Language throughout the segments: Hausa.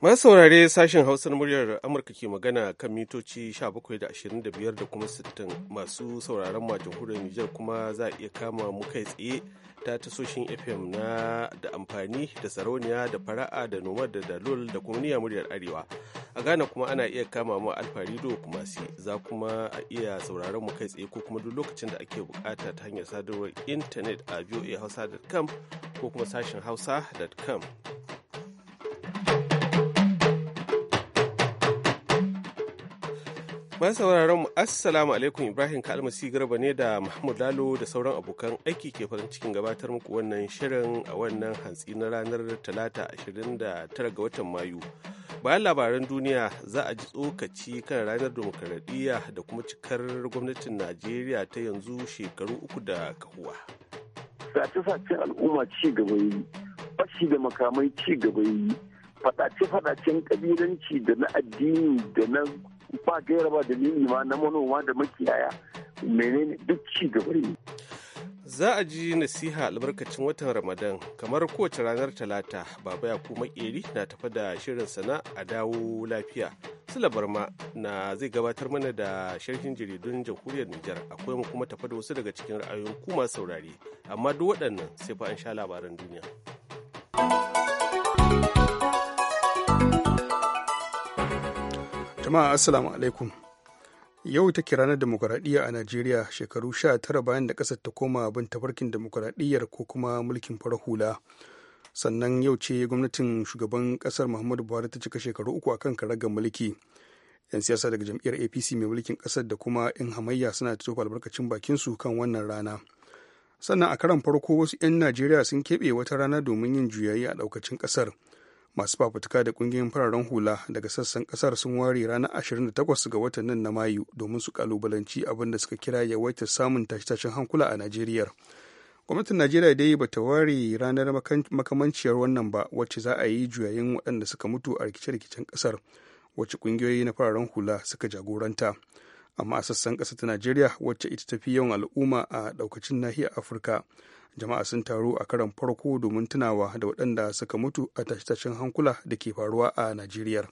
Ma saurare sashen Hausar muryar Amurka ke magana kan mitoci 17 da 25 da kuma 60 masu sauraron ma jamhuriyar Nijar kuma za a iya kama mu kai tsaye ta tasoshin FM na da amfani da sarauniya da fara'a da noma da dalol da kuma niyyar muryar Arewa. A Ghana kuma ana iya kama mu alfarido kuma si za kuma a iya sauraron mu kai tsaye ko kuma duk lokacin da ake bukata ta hanyar sadarwar intanet a voahausa.com ko kuma sashen hausa.com. Ban sauraron mu Assalamu alaikum Ibrahim Kalmasi Garba ne da Muhammad Lalo da sauran abokan aiki ke farin cikin gabatar muku wannan shirin a wannan hantsi na ranar Talata 29 ga watan Mayu. Bayan labaran duniya za a ji tsokaci kan ranar demokaradiyya da kuma cikar gwamnatin Najeriya ta yanzu shekaru uku da kahuwa. Sace-sace al'umma ci gaba yi, fashi da makamai ci gaba yi, faɗace-faɗacen kabilanci da na addini da na ba gaira ba dalili ma na manoma da makiyaya menene duk ci gaba ne. Za a ji nasiha albarkacin watan Ramadan kamar kowace ranar Talata Baba kuma Makeri na tafa da shirin sana a dawo lafiya. Sula Barma na zai gabatar mana da sharhin jaridun jamhuriyar Nijar akwai mu kuma tafa da wasu daga cikin ra'ayoyin kuma saurari amma duk waɗannan sai fa an sha labaran duniya. jama'a assalamu alaikum yau take ranar demokuraɗiyya a najeriya shekaru sha tara bayan da ƙasar ta koma bin tafarkin demokuraɗiyyar ko kuma mulkin farar hula sannan yau ce gwamnatin shugaban ƙasar muhammadu buhari ta cika shekaru uku akan karagar mulki yan siyasa daga jam'iyyar apc mai mulkin ƙasar da kuma 'yan hamayya suna tofa albarkacin bakin su kan wannan rana sannan a karan farko wasu 'yan najeriya sun keɓe wata rana domin yin juyayi a ɗaukacin ƙasar masu fafutuka da kungiyoyin fararen hula daga sassan kasar sun ware ranar 28 ga watan nan na mayu domin su kalubalanci abin da suka kira yawaitar samun tashe-tashen hankula a najeriya gwamnatin najeriya dai ba ta ware ranar makamanciyar wannan ba wacce za a yi juyayin waɗanda suka mutu a rikice-rikicen kasar wacce kungiyoyi na fararen hula suka jagoranta amma a sassan ƙasar ta najeriya wacce ita tafi yawan al'umma a ɗaukacin nahiyar afirka jama'a sun taru a karan farko domin tunawa da waɗanda suka mutu a tashe-tashen hankula da ke faruwa a najeriya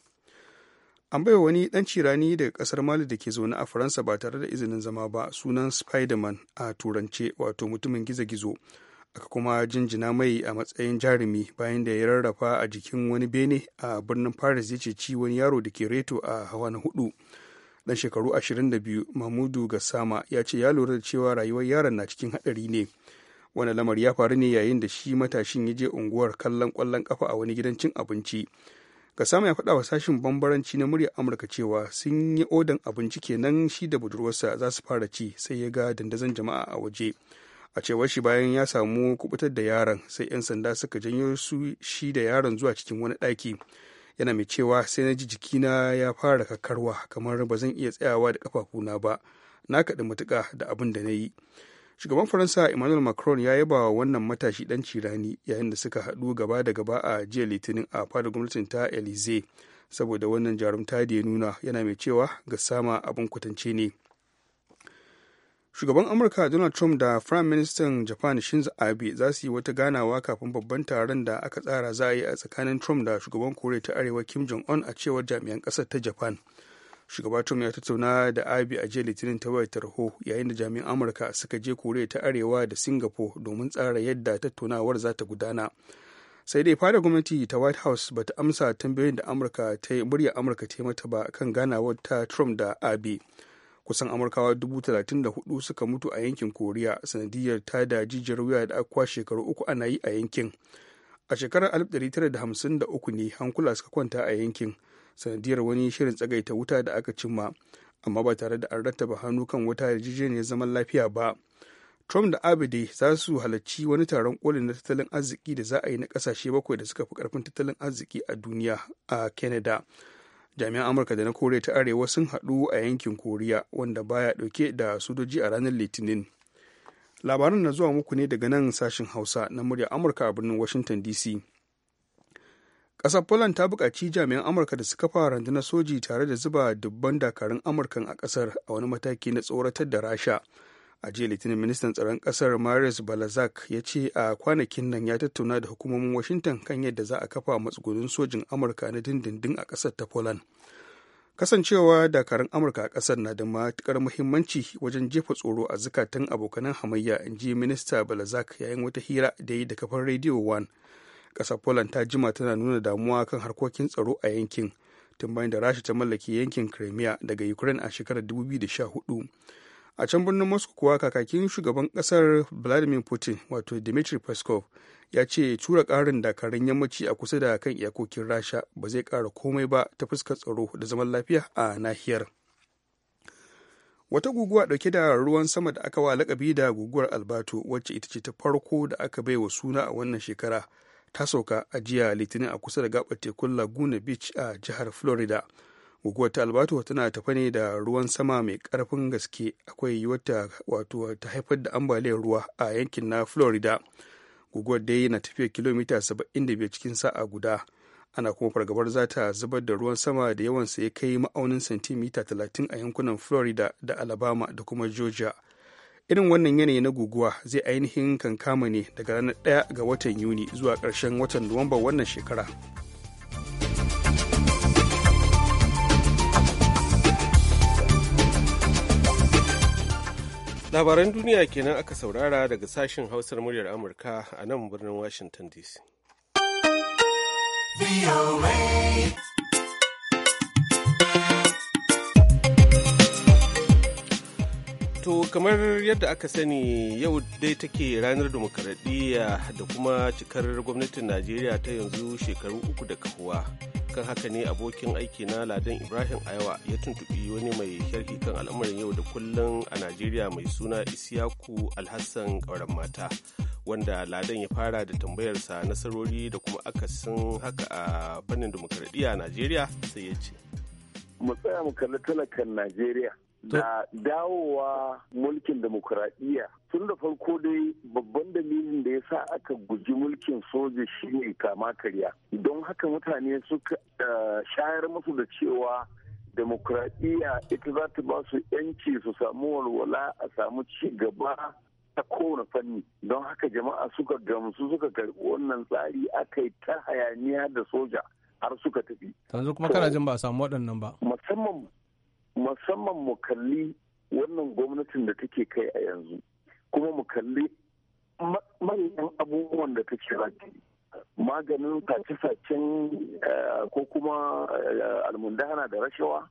an baiwa wani ɗan cirani daga ƙasar mali da ke zaune a faransa ba tare da izinin zama ba sunan spiderman a turance wato mutumin gizo-gizo aka kuma jinjina mai a matsayin jarumi bayan da ya rarrafa a jikin wani bene a birnin paris ya ceci wani yaro da ke reto a hawa na hudu dan shekaru 22 mahmudu gassama ya ce ya lura da cewa rayuwar yaron na cikin haɗari ne wani lamari ya faru ne yayin da shi matashin ya je unguwar kallon kwallon kafa a wani gidan cin abinci samu ya faɗa wa sashin bambaranci na murya amurka cewa sun yi odan abinci kenan shi da budurwarsa za su fara ci sai ya ga dandazon jama'a a waje a cewar shi bayan ya samu kubutar da yaron sai 'yan sanda suka janyo su shi da yaron zuwa cikin wani ɗaki yana mai cewa sai na ji jikina ya fara kakarwa kamar ba zan iya tsayawa da kafafuna ba na kaɗi matuƙa da abin da na yi shugaban faransa emmanuel macron ya yaba wa wannan matashi dan cirani yayin da suka haɗu gaba da gaba a jiya litinin a fadar gwamnatin ta elize saboda wannan jarumta da ya nuna yana mai cewa ga sama abin kwatance ne shugaban amurka donald trump da prime minister japan shinzo abe za su yi wata ganawa kafin babban taron da aka tsara za a yi a tsakanin trump da shugaban koriya ta arewa kim jong-un a cewar jami'an ƙasar ta japan shugaba trump ya tattauna da abi a jiya litinin ta wayar tarho yayin da jami'an amurka suka je koriya ta arewa da singapore domin tsara yadda tattaunawar za ta gudana sai dai fada gwamnati ta white house bata amsa tambayoyin da amurka ta yi murya amurka ta mata ba kan ganawar ta trump da abi kusan amurkawa dubu hudu suka mutu a yankin koriya sanadiyar ta da jijiyar wuya da akwa shekaru uku ana yi a yankin a shekarar 1953 ne hankula suka kwanta a yankin sanadiyar wani shirin tsagaita wuta da aka cimma amma ba tare da an rattaba hannu kan wuta da wata yarjejeniyar zaman lafiya ba trump da abide za su halarci wani taron kolin na tattalin arziki da za a yi na kasashe bakwai da suka fi karfin tattalin arziki a duniya a canada jami'an amurka da na koriya ta arewa sun haɗu a yankin koriya wanda baya ɗauke da sojoji a ranar litinin labaran na zuwa muku ne daga nan sashen hausa na murya amurka a birnin washington dc ƙasar poland ta buƙaci jami'an amurka da suka kafa rundunar soji tare da zuba dubban dakarun amurkan a ƙasar a wani mataki na tsoratar da rasha a jiya litinin ministan tsaron ƙasar maris balazak ya ce a kwanakin nan ya tattauna da hukumomin washington kan yadda za a kafa matsugunin sojin amurka na dindindin a kasar ta poland kasancewa dakarun amurka a kasar na da matuƙar muhimmanci wajen jefa tsoro a zukatan abokanan hamayya in ji minista balazak yayin wata hira da yi da kafar rediyo one ƙasar poland ta jima tana nuna damuwa kan harkokin tsaro a yankin tun bayan da rasha ta mallaki yankin crimea daga ukraine a shekarar 2014 a can birnin moscow kuwa kakakin shugaban kasar vladimir putin wato dmitry peskov ya ce tura karin dakarun yammaci a kusa da kan iyakokin rasha ba zai kara komai ba ta fuskar tsaro da zaman lafiya a nahiyar wata guguwa dauke da ruwan sama da aka wa lakabi da guguwar albato wacce ita ce ta farko da aka baiwa suna a wannan shekara ta sauka a jiya litinin a kusa da gabar tekun laguna beach a jihar florida guguwar ta albato tana tafa ne da ruwan sama mai karfin gaske akwai yiwuwar ta wato ta haifar da ambaliyar ruwa a yankin na florida guguwar dai na tafiya kilomita 75 cikin sa'a guda ana kuma fargabar za ta zubar da ruwan sama da yawansa ya kai ma'aunin santimita 30 a yankunan florida da alabama da kuma georgia irin wannan yanayi na guguwa zai ainihin kankama ne daga ranar 1 ga watan yuni zuwa ƙarshen watan nuwamba wannan shekara labaran duniya kenan aka saurara daga sashen hausar muryar amurka a nan birnin washington dc kamar yadda aka sani yau dai take ranar demokaradiyya da kuma cikar gwamnatin Najeriya ta yanzu shekaru uku da kahuwa. Kan haka ne abokin aiki na Ladan Ibrahim Aiwa ya tuntubi wani mai sharhi kan al'amarin yau da kullun a Najeriya mai suna Isiyaku Alhassan ƙauren mata. Wanda Ladan ya fara da tambayarsa nasarori da kuma akasin haka a fannin demokaradiyya a Najeriya sai ya ce. Mu tsaya mu kalli talakan Najeriya. da dawowa mulkin demokuraɗiyya tun da farko dai babban dalilin da ya sa aka guji mulkin soja shine kama karya don haka mutane suka eh, shayar musu da cewa demokuraɗiyya ita za ta ba su yanci su samu walwala a samu ci gaba ta kowane fanni don haka jama'a suka gamsu suka karɓi wannan tsari aka yi ta hayaniya da soja har suka tafi yanzu kuma kana jin ba a samu waɗannan ba musamman musamman mu kalli wannan gwamnatin da take kai a yanzu kuma mu kalli manyan abubuwan da take rage maganin sace-sacen eh, ko kuma eh, almundana da rashawa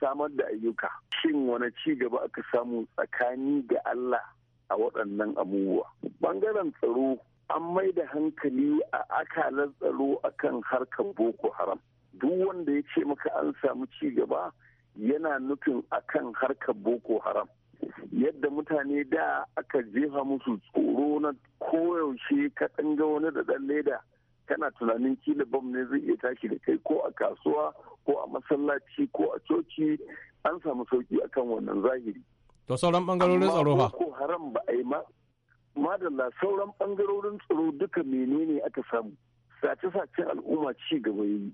samar da ayyuka shin wani ci gaba aka samu tsakani ga Allah a waɗannan abubuwa bangaren tsaro an mai da hankali a akalar tsaro akan harkar boko haram duk wanda ya ce maka an samu ci gaba yana nufin a kan harkar boko haram yadda mutane da aka jefa musu tsoro na koyaushe ka ga wani da ɗan leda kana tunanin kila bam ne zai iya tashi da kai ko a kasuwa ko a masallaci ko a coci an samu sauki akan wannan zahiri to sauran bangarorin tsaro ba ko haram ba a yi ma madalla sauran bangarorin tsaro duka menene aka samu sace-sacen al'umma ci gaba yi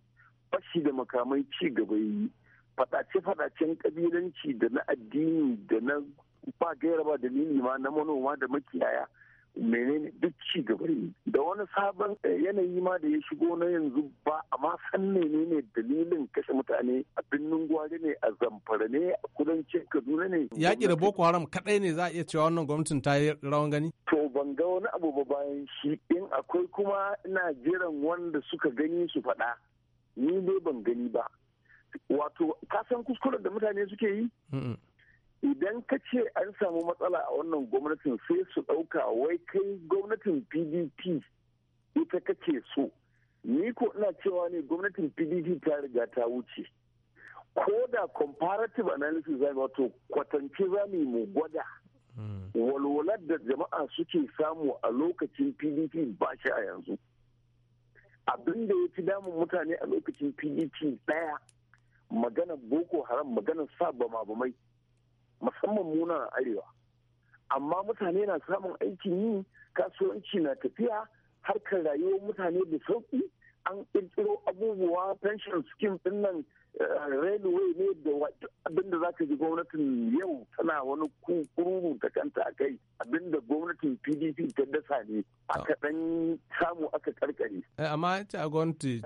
bashi da makamai ci gaba yi fadace-fadacen kabilanci da na addini da na ba gaira ba dalili ma na manoma da makiyaya menene duk ci gaba ne da wani sabon eh, yanayi ma da ya shigo na yanzu ba amma san menene dalilin kashe mutane a birnin gwari ne a zamfara ne a kudancin kaduna ne yaƙi da boko haram kadai ne za a iya cewa wannan gwamnatin ta yi rawan gani to ban ga wani abu ba bayan shi in akwai kuma ina jiran wanda suka gani su faɗa ni dai ban gani ba wato kasan kuskuren da mutane suke yi idan ka ce an samu matsala a wannan gwamnatin sai su ɗauka wai kai gwamnatin pdp ita kake so ni ko ina cewa ne gwamnatin pdp ta riga ta wuce ko da comparative analysis zai wato kwatance za mu mu gwada mm. walwalar da jama'a suke samu a lokacin pdp ba shi a yanzu abinda ya fi damun mutane a lokacin pdp daya. maganar boko haram magana sa bama bamai musamman muna arewa amma mutane na samun aikin yi kasuwanci na tafiya harkar rayuwar mutane da sauki an ƙirƙiro abubuwa pension scheme din nan railway ne da abinda za ka ji gwamnatin yau tana wani kururu ta kanta a kai abinda gwamnatin pdp ta dasa ne aka dan samu aka karkare. Eh, amma ta gwamnati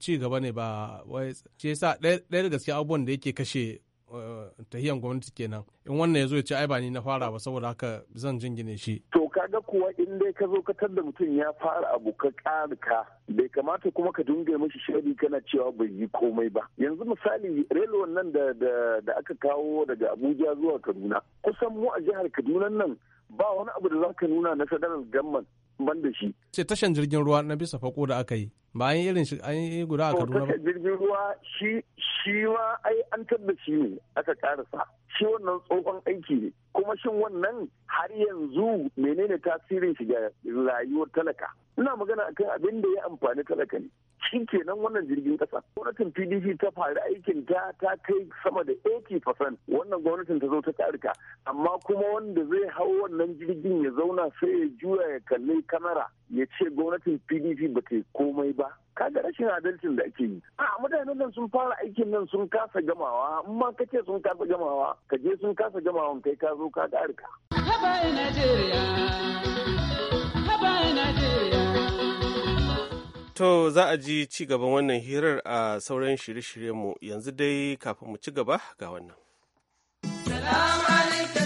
ci gaba ne ba wai ce sa ɗaya daga cikin abubuwan da yake kashe Eh, tahiyan gwamnati kenan in wannan ya zo ya ce ai ba ni na fara ba saboda haka zan jingine shi to ka ga kuwa in dai ka zo katar da mutum ya fara abu ka ka bai kamata kuma ka dinga mashi shari kana cewa bai yi komai ba yanzu misali railway nan da da aka kawo daga Abuja zuwa Kaduna kusan mu a jihar Kaduna nan ba wani abu da zaka nuna na sadarar gamman. ban da shi. Ce tashan jirgin ruwa na bisa fako da aka yi ba an yi irin shi an yi guda a Kaduna ba. Tashan jirgin ruwa shi shi ma ai an da shi ne aka karasa shi wannan tsohon aiki ne kuma shin wannan har yanzu menene tasirin shi ga rayuwar talaka. Ina magana akan abin da ya amfani talaka ne. shi kenan wannan jirgin kasa gwamnatin pdp ta fara aikin ta ta kai sama da 80% wannan gwamnatin ta zo ta karka amma kuma wanda zai hau wannan jirgin ya zauna sai ya juya ya kalli kamera ya ce gwamnatin pdp ba ta yi komai ba kaga rashin adalcin da ake yi a mutanen nan sun fara aikin nan sun kasa gamawa amma ka ce sun kasa gamawa ka je sun kasa gamawa, kai ka zo ka karka To za a ji ci gaban wannan hirar a sauran shirye-shiryenmu yanzu dai kafin mu ci gaba ga wannan. Salamu alaikum.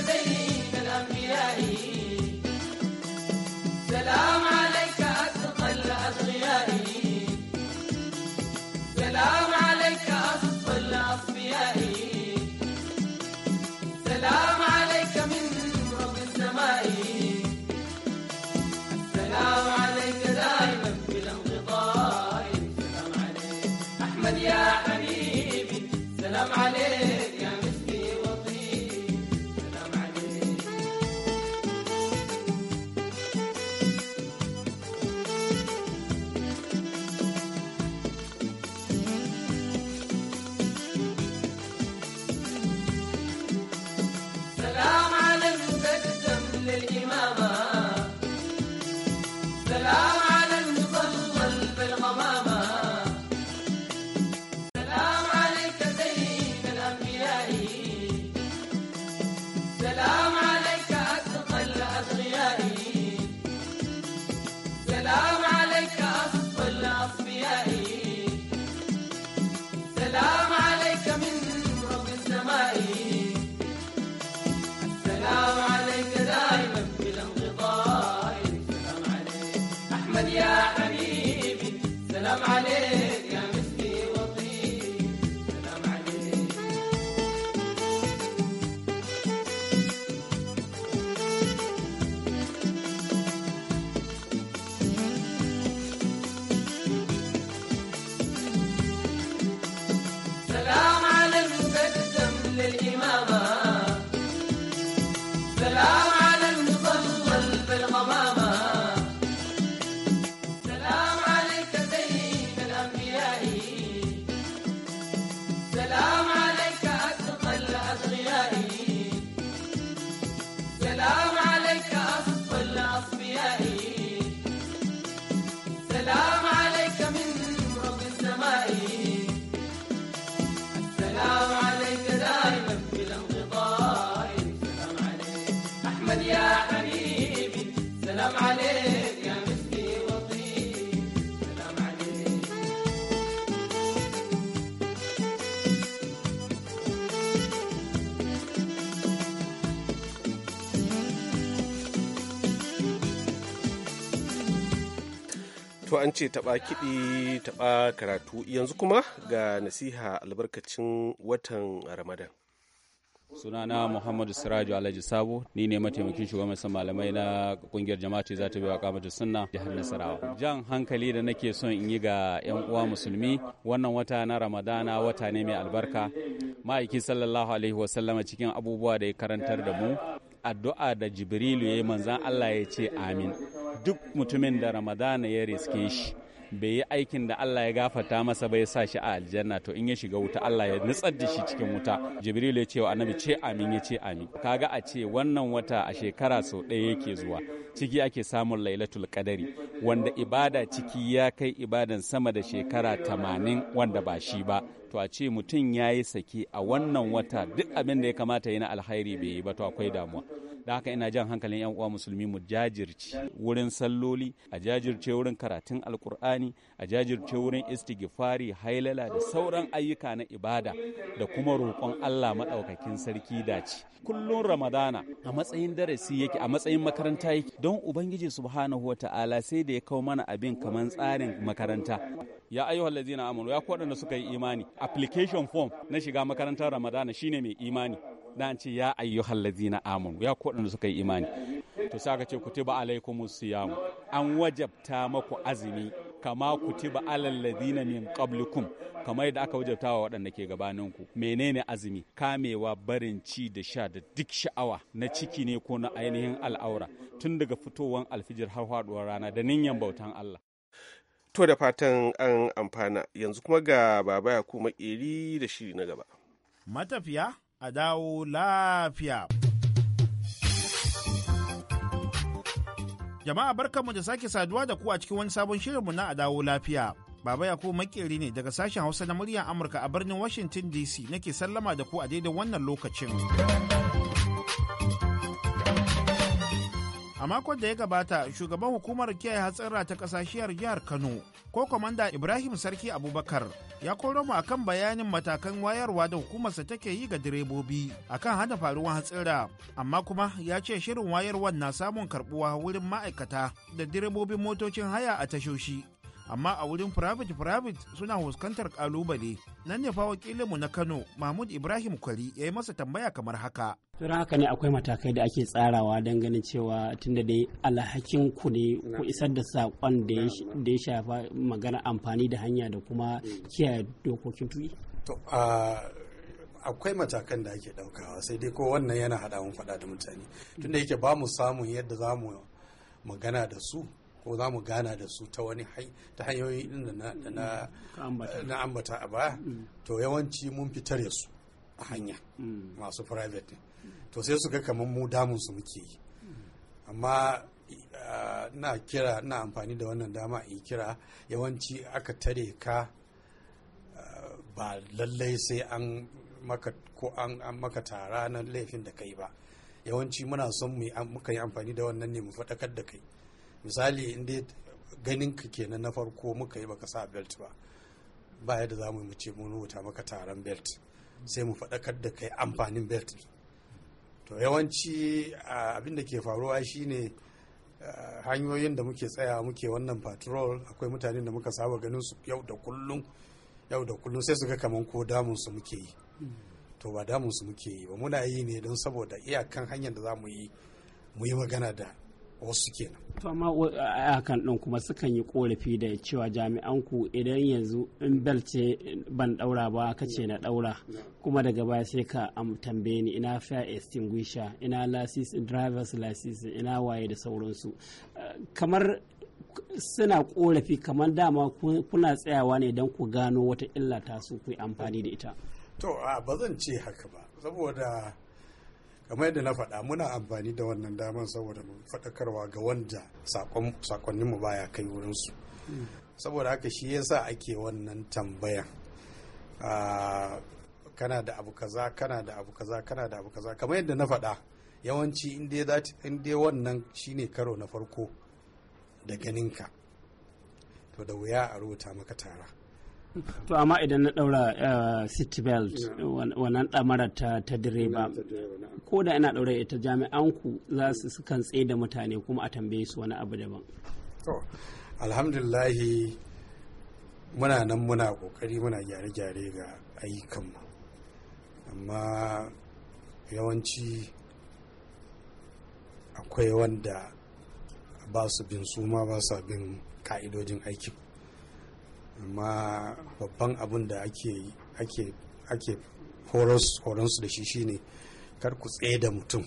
an ce taɓa kiɗi taɓa karatu yanzu kuma ga nasiha albarkacin watan Ramadan. sunana muhammadu siraju alhaji sabo ni ne mataimakin shugaban malamai na kungiyar jama'a ce za ta biya kamata sunna jihar nasarawa jan hankali da nake son in yi ga yan uwa musulmi wannan wata na ramadana wata ne mai albarka ma'aiki sallallahu alaihi wasallama cikin abubuwa da ya karantar da mu addu'a da jibrilu ya yi manzan allah ya ce amin duk mutumin da ramadana ya riske shi bai yi aikin da Allah ya gafata masa bai sa shi a aljanna to in ya shiga wuta Allah ya nutsar da shi cikin wuta jibril ya ce wa annabi ce amin ya ce amin kaga a ce wannan wata a shekara sau ɗaya yake zuwa ciki ake samun lailatul qadari wanda ibada ciki ya kai ibadan sama da shekara tamanin wanda ba shi ba to a ce mutum ya yi sake a wannan wata duk abin da ya kamata yi na alhairi bai yi ba to akwai damuwa da haka ina jan hankalin yan uwa musulmi mu jajirce wurin salloli a jajirce wurin karatun alkur'ani a jajirce wurin istighfari hailala da sauran ayyuka na ibada da kuma roƙon Allah maɗaukakin sarki dace Kullum ramadana a matsayin darasi yake a matsayin makaranta yake don ubangiji subhanahu ta'ala, sai da ya kawo mana abin kamar tsarin makaranta ya ayyuhal ladzina amanu ya ku waɗanda suka yi imani application form na shiga makarantar ramadana shine mai imani dan ce ya ayyuhal ladzina amanu ya ko da suka yi imani to saka ce kutiba alaikum siyam an wajabta maku azumi kama kutiba alal ladina min qablikum kamar yadda aka wajabta wa waɗanda ke gabaninku menene azumi kamewa barin ci da sha da duk sha'awa na ciki ne ko na ainihin al'aura tun daga fitowar alfijir har faduwar rana da ninyan bautan Allah to da fatan an amfana yanzu kuma ga baba ya kuma da shiri na gaba matafiya a dawo lafiya. Jama'a barkanmu da sake saduwa da ku a cikin wani sabon shirinmu na a dawo lafiya. Baba Yakubu makeri ne daga sashen Hausa na muryar Amurka a birnin Washington DC nake sallama da ku a daidai wannan lokacin. a makon da ya gabata shugaban hukumar kiyaye hatsara ta kasashiyar jihar kano ko kwamanda ibrahim sarki abubakar ya koro mu akan bayanin matakan wayarwa da hukumarsa take yi ga direbobi akan hana faruwar hatsira amma kuma ya ce shirin wayarwar na samun karbuwa wurin ma'aikata da direbobin motocin haya a tashoshi amma a wurin private private suna fuskantar kalubale nan ne fa wakilinmu na kano mahmud ibrahim kwari ya yi masa tambaya kamar haka don haka ne akwai matakai da ake tsarawa don ganin cewa tunda dai alhakin ku ne ku isar da saƙon da ya shafa magana amfani da hanya da kuma kiyaye dokokin tuki akwai matakan da ake ɗaukawa sai dai ko wannan yana hada mun faɗa da mutane tunda yake ba mu samun yadda za mu magana da su ko za mu gana da su ta wani ta hanyoyi na ambata a baya mm. to yawanci mun fitar da su a hanya mm. masu private to sai su ga kamar mu damun su muke yi mm. amma ah, na kira na amfani da wannan dama in kira yawanci aka tare ka ah, ba lallai sai an maka ko an maka tara na laifin da kai ba yawanci muna son mu yi amfani da wannan ne mu faɗakar da kai misali inda ganin ka kenan na farko muka yi baka sa belt ba ba yadda za mu ce mun rubuta maka taron belt sai mu faɗakar da kai amfanin belt to yawanci abin da ke faruwa shine hanyoyin da muke tsaya muke wannan patrol akwai mutane da muka saba ganin su yau da kullum yau da kullum sai su ga kaman ko damun su muke yi to ba damun su muke yi ba muna yi ne don saboda iyakan hanyar da za mu yi mu yi magana da wasu kenan to amma a ɗin kuma sukan yi korafi da cewa jami'an ku idan yanzu in bel ce ban ɗaura ba ka ce na ɗaura kuma daga baya sai ka am tambaye ni ina fire extinguisher ina license driver's lasis ina waye da sauransu eh, kamar suna korafi kamar dama kuna tsayawa ne don ku gano wata illa ta su ku amfani da ita to ba zan ce haka ba saboda kamar yadda na faɗa muna amfani da wannan damar saboda mu faɗakarwa ga wanda sakonninmu baya kai wurinsu saboda haka shi yasa ake wannan tambayan ah, kana da abu kaza kana da abu kaza kana da abu kaza kamar yadda na faɗa yawanci in dai wannan shine karo na farko da ganinka to da wuya a rubuta maka tara to amma idan na daura eh, seat belt wannan damara ta ta direba ko da ina daura ita jami'an ku za su sukan tsaye da mutane kuma a tambaye su wani abu daban to alhamdulillahi muna nan muna kokari muna gyare-gyare ga ayyukanmu amma yawanci akwai wanda ba su bin suma ba su bin ka'idojin aikin amma babban abin da ake ake ake horonsu da shi shine kar ku tsaye da mutum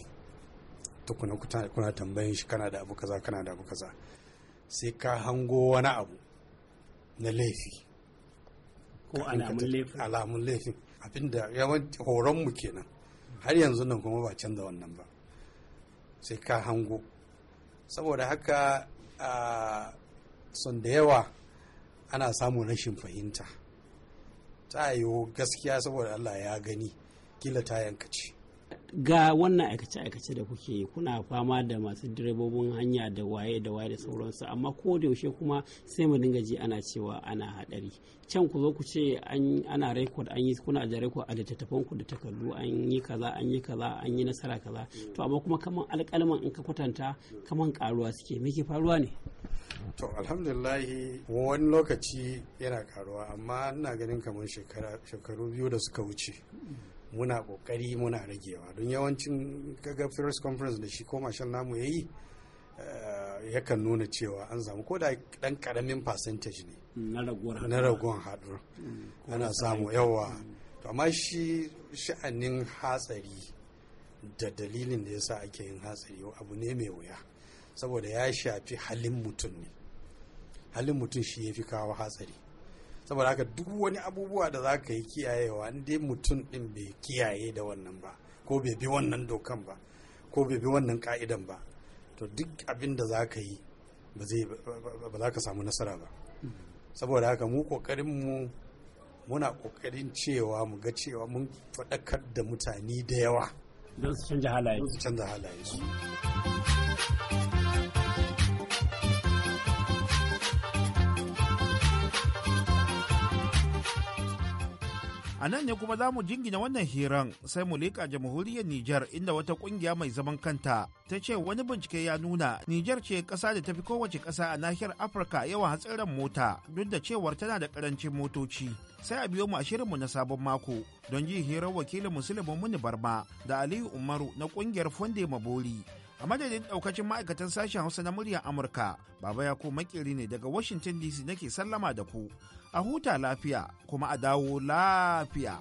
tukuna kuna tambayin shi kana da abu kaza kana da abu kaza sai ka hango wani abu na laifi ko alamun laifin abinda yawan horon mu kenan har yanzu nan kuma ba canza wannan ba sai ka hango saboda haka ah, sun da yawa ana samun rashin fahimta ta yiwu gaskiya saboda allah ya gani kila ta yankace ga wannan aikace-aikace da kuke kuna fama da masu direbobin hanya da waye da waye da sauransu amma ko da yaushe kuma sai mu dinga ji ana cewa ana hadari can ku zo ku ce ana rekod an yi kuna da rekod a littattafan ku da takardu an yi kaza an yi kaza an yi nasara kaza to amma kuma kaman alƙalman in ka kwatanta kaman karuwa suke me ke faruwa ne to alhamdulillahi wani lokaci yana karuwa amma ina ganin kamar shekaru biyu da suka wuce muna kokari muna ragewa don yawancin kaga first conference da shi ko mashin namu ya yi eh, yakan nuna cewa an samu ko da dan karamin percentage ne na ragon hadur mm. ana samu mm. yawa to amma shi sha'anin hatsari da dalilin da yasa ake yin hatsari abu ne mai wuya saboda ya shafi halin mutum ne halin mutum shi ya fi kawo hatsari saboda haka duk wani abubuwa da za ka yi kiyayewa inda mutum ɗin bai kiyaye da wannan ba ko bai bi wannan dokan ba ko bai bi wannan ka'idan ba to duk abin da za ka yi ba za ka samu nasara ba saboda haka mu mu muna ƙoƙarin cewa mu ga cewa mun faɗakar da mutane da yawa don su canza halaye su A nan ne kuma za mu jingina wannan hiran sai mu leƙa jamhuriyar Nijar inda wata ƙungiya mai zaman kanta ta ce wani bincike ya nuna Nijar ce ƙasa da tafi kowace ƙasa a nahiyar Afirka yawan hatsarin mota duk da cewar tana da ƙarancin motoci. Sai a biyo mu a shirinmu na sabon mako don ji hirar wakilin Musulmi muni barma da Aliyu Umaru na ƙungiyar Fonde Mabori a madadin daukacin ma'aikatan sashen hausa na muryar amurka baba ya ko makeri ne daga washington dc nake sallama da ku a huta lafiya kuma a dawo lafiya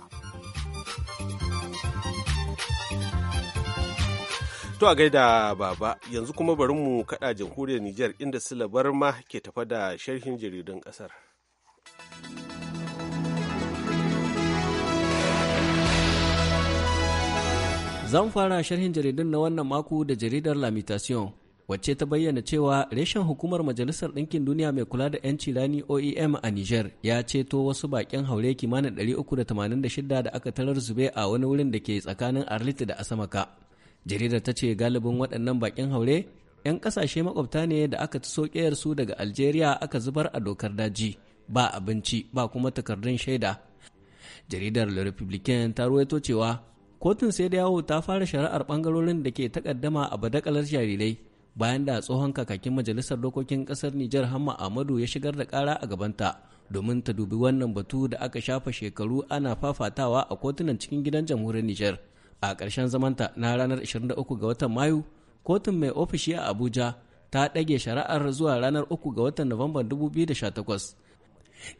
to a gaida baba yanzu kuma bari mu kada jamhuriyar Nijar, inda silabar ma ke tafa da sharhin jaridun kasar Zan fara sharhin jaridun na wannan mako da jaridar Lamitation, wacce ta bayyana cewa reshen hukumar Majalisar Ɗinkin Duniya mai kula da 'yanci rani OEM a Niger ya ceto wasu bakin haure kimanin 386 da aka tarar zube a wani wurin da ke tsakanin Arlit da Asamaka. Jaridar ta ce galibin waɗannan bakin haure 'yan ƙasashe makwabta ne da aka ci su daga Algeria aka zubar a dokar daji. Ba abinci ba kuma takardun shaida. Jaridar Le ta ruwaito cewa kotun sai da yawo ta fara shari'ar bangarorin da ke takaddama a badakalar jarirai bayan da tsohon kakakin majalisar dokokin kasar Nijar Hamma amadu ya shigar da kara a gabanta domin ta dubi wannan batu da aka shafa shekaru ana fafatawa a kotunan cikin gidan jamhuriyar Nijar. A karshen zamanta na ranar 23 ga watan Mayu, kotun mai ofishi a Abuja ta ɗage shari'ar zuwa ranar 3 ga watan Nuwamban 2018.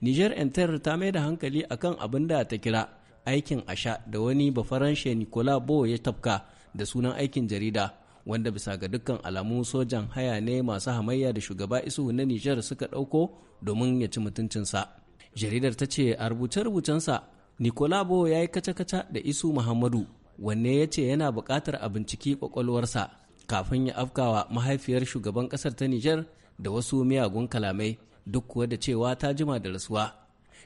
Niger Enter ta mai da hankali akan abin da ta kira aikin asha da wani bafaranshe nicola bo ya tafka da sunan aikin jarida wanda bisa ga dukkan alamu sojan haya ne masu hamayya da shugaba isu na nijar suka ɗauko domin ya ci mutuncinsa jaridar ta ce a rubuce-rubucensa nicola bo ya yi kaca-kaca da isu muhammadu wanne ya ce yana buƙatar a binciki ƙwaƙwalwarsa kafin ya afkawa mahaifiyar shugaban ƙasar ta nijar da wasu miyagun kalamai duk kuwa da cewa ta jima da rasuwa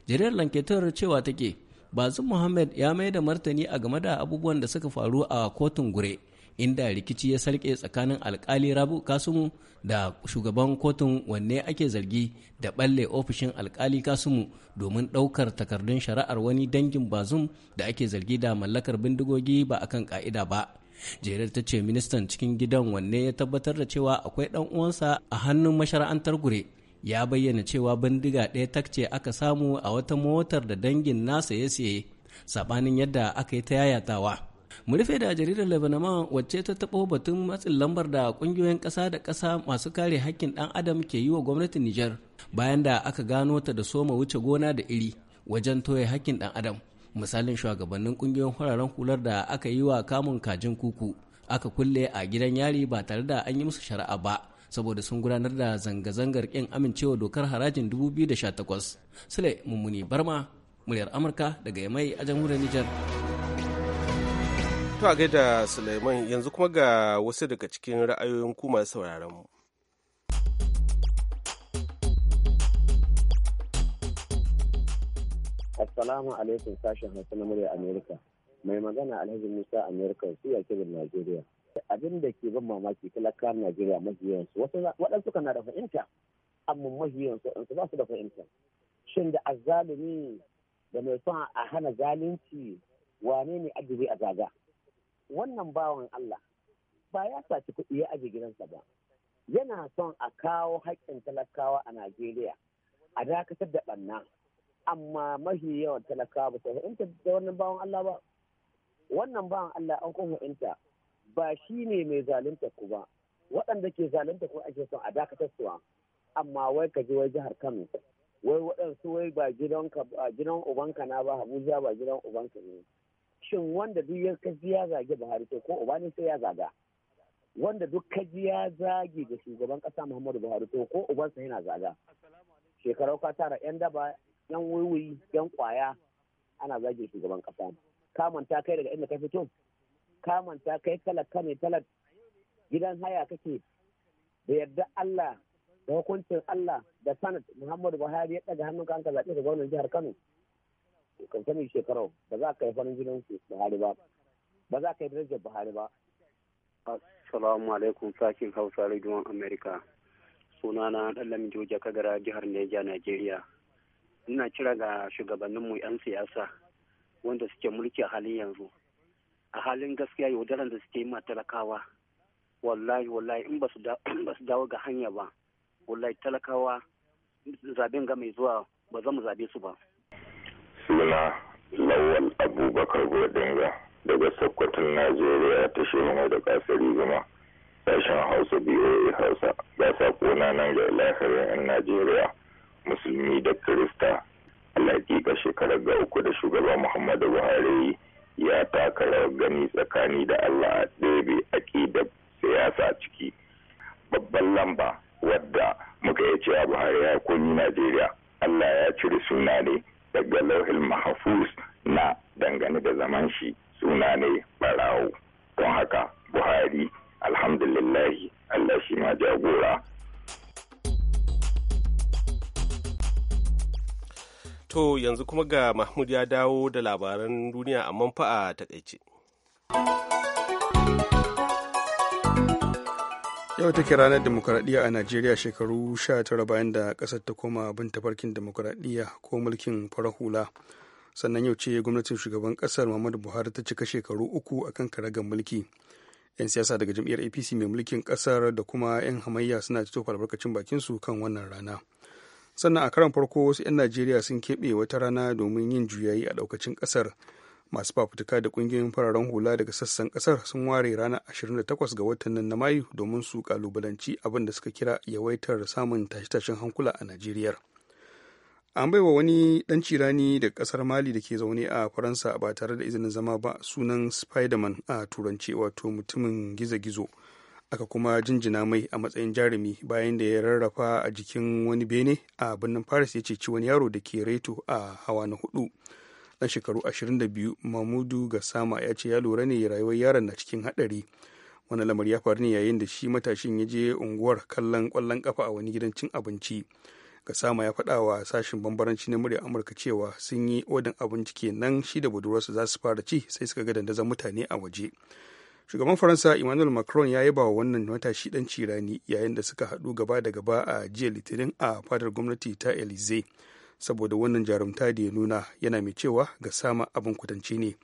jaridar lanketar cewa take bazu muhammad ya mai da martani a game da abubuwan da suka faru a kotun gure inda rikici ya sarke tsakanin alkali rabu kasumu da shugaban kotun wanne ake zargi da balle ofishin alkali kasumu domin ɗaukar takardun shari'ar wani dangin bazum da ake zargi da mallakar bindigogi ba akan ka'ida ba jerar ta ce ministan cikin gidan wanne ya tabbatar da cewa akwai ɗan uwansa a hannun mashara'antar gure ya bayyana cewa bindiga ɗaya takce aka samu a wata motar da dangin nasa ya siye sabanin yadda aka yi ta yayatawa mu rufe da jaridar lebanon wacce ta taɓo batun matsin lambar da ƙungiyoyin ƙasa da ƙasa masu kare haƙƙin ɗan adam ke yi wa gwamnatin nijar bayan da aka gano ta da soma wuce gona da iri wajen toye haƙƙin ɗan adam misalin shugabannin ƙungiyoyin fararen hular da aka yi wa kamun kajin kuku aka kulle a gidan yari ba tare da an yi musu shari'a ba saboda sun gudanar da zanga-zangar ƙin amincewa dokar harajin 2018 sule mummuni barma muryar amurka daga yamai a jamhuriyar nijar to a gaida suleiman yanzu kuma ga wasu daga cikin ra'ayoyin kuma sauraron mu Assalamu alaikum sashen Hausa na murya Amerika. Mai magana Alhaji Musa Amerika su yake da Najeriya. abin da ke ban mamaki talakawan najeriya mahiyansu waɗansu kana da fahimta amma mahiyansu waɗansu ba su da fahimta shin da azalumi da mai son a hana zalunci wane ne ajiye a zaga wannan bawan allah ba ya saci kuɗi ya ajiye gidansa ba yana son a kawo haƙƙin talakawa a najeriya a dakatar da ɓanna amma mahi yawan talakawa ba su fahimta da wannan bawan allah ba wannan bawan allah an kuma fahimta ba shi ne mai zalunta ku ba waɗanda ke zalunta ku ake son a dakatar suwa amma wai ka je wai jihar Kano wai waɗansu wai ba gidan ubanka na ba Abuja ba gidan ubanka ne shin wanda duk ya kaji ya zage Buhari to ko uba sai ya zaga wanda duk kaji ya zage da shugaban ƙasa Muhammadu Buhari to ko ubansa yana zaga shekarau ka tara yan daba yan wuiwui yan kwaya ana zage shugaban ƙasa ka manta kai daga inda ka fito kamanta kai talaka kane talak gidan haya kake da yarda Allah da hukuncin Allah da sanat Muhammadu Buhari ya daga hannun ka zaɓe da gwamnan jihar Kano kan sani shekarau ba za ka yi farin jinin Buhari ba ba za ka yi darajar Buhari ba Assalamu alaikum sakin Hausa Radio America sunana Lamin Joja Kagara jihar Neja nigeria ina kira ga shugabanninmu 'yan siyasa wanda suke mulki a halin yanzu a halin gaskiya yaudaran da suke ma talakawa wallahi wallahi in ba su dawo ga hanya ba wallahi talakawa zaben ga mai zuwa ba za mu zabe su ba suna lawal abubakar godinga daga sokoton najeriya ta shehu da kasari zuma sashen hausa boa hausa ba sa kona nan ga lahirin yan najeriya musulmi da kirista ga shekarar ga uku da shugaba muhammadu buhari ya taka rawar gani tsakani da Allah a ɗebe da siyasa ciki babban lamba wadda muka iya cewa Buhari ya kunyi Najeriya Allah ya cire suna ne daga lauhin mahafus na dangane da zaman shi suna ne barawo don haka Buhari alhamdulillahi Allah shi ma jagora To yanzu kuma ga Mahmud ya dawo da labaran duniya a manfa'a ta takaice. Yau take ranar demokuraɗiyya a Najeriya shekaru 19 bayan da ƙasar ta koma bin tafarkin demokuraɗiyya ko mulkin farar hula. Sannan yau ce gwamnatin shugaban ƙasar Muhammadu Buhari ta cika shekaru uku a kan karagar mulki. 'Yan siyasa daga jam'iyyar APC mai mulkin ƙasar da kuma 'yan hamayya suna fito albarkacin bakinsu kan wannan rana. sannan a karan farko wasu 'yan najeriya sun keɓe wata rana domin yin juyayi a ɗaukacin ƙasar masu fafutuka da ƙungiyoyin fararen hula daga sassan ƙasar sun ware ranar 28 ga watan nan na mayu domin su kalubalanci abin da suka kira yawaitar samun tashe-tashen hankula a najeriya an baiwa wani ɗan cirani da ƙasar mali da ke zaune a faransa ba tare da izinin zama ba sunan spiderman a turance wato mutumin gizo-gizo aka kuma jinjina mai a matsayin jarumi bayan da ya rarrafa a jikin wani bene a birnin faris ya ceci wani yaro da ke reto a hawa na hudu dan shekaru 22 mamudu gasama ya ce ya lura ne rayuwar yaron na cikin hadari wani lamar ya faru ne yayin da shi matashin ya je unguwar kallon kwallon kafa a wani gidan cin abinci gasama ya faɗa wa sashen bambaranci na murya amurka cewa sun yi odin abinci kenan shi da budurwarsa za su fara ci sai suka ga dandazon mutane a waje shugaban faransa emmanuel macron ya yaba wa wannan matashi dan cirani yayin da suka hadu gaba da gaba a jiya litinin a fadar gwamnati ta elize saboda wannan jarumta da ya nuna yana mai cewa ga sama abin kudanci ne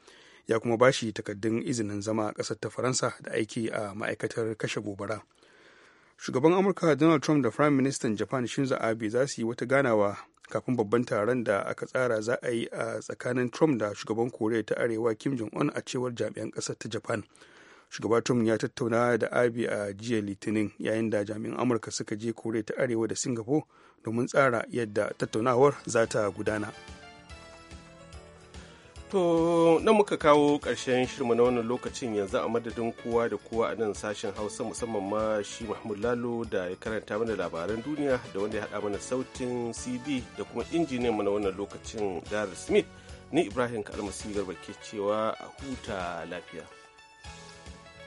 ya kuma bashi takaddun izinin zama a ƙasar ta faransa da aiki a ma'aikatar kashe gobara shugaban amurka donald trump da prime minister japan shinzo abe za su yi wata ganawa kafin babban taron da aka tsara za a yi a tsakanin trump da shugaban koriya ta arewa kim jong un a cewar jami'an ƙasar ta japan shugaba trump ya tattauna da abi a jiya litinin yayin da jami'an amurka suka je kore ta arewa da singapore domin tsara yadda tattaunawar za ta gudana To nan muka kawo karshen shirma na wannan lokacin yanzu a madadin kowa da kowa a nan sashen Hausa musamman ma shi Mahmud Lalo da ya karanta mana labaran duniya da wanda ya haɗa mana sautin CD da kuma injiniyan mana na wannan lokacin dar Smith ni Ibrahim Kalmasi Garba ke cewa a huta lafiya.